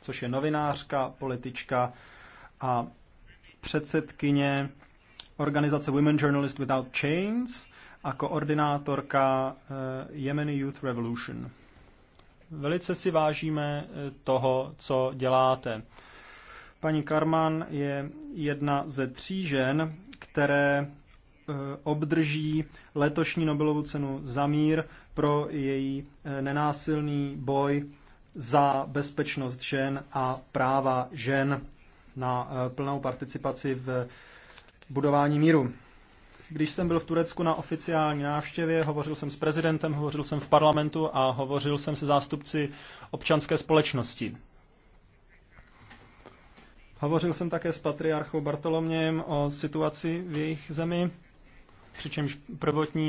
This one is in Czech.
což je novinářka, politička a předsedkyně organizace Women Journalists Without Chains a koordinátorka eh, Yemeni Youth Revolution. Velice si vážíme eh, toho, co děláte. Paní Karman je jedna ze tří žen, které eh, obdrží letošní Nobelovu cenu za mír pro její nenásilný boj za bezpečnost žen a práva žen na eh, plnou participaci v budování míru. Když jsem byl v Turecku na oficiální návštěvě, hovořil jsem s prezidentem, hovořil jsem v parlamentu a hovořil jsem se zástupci občanské společnosti. Hovořil jsem také s patriarchou Bartolomějem o situaci v jejich zemi, přičemž prvotní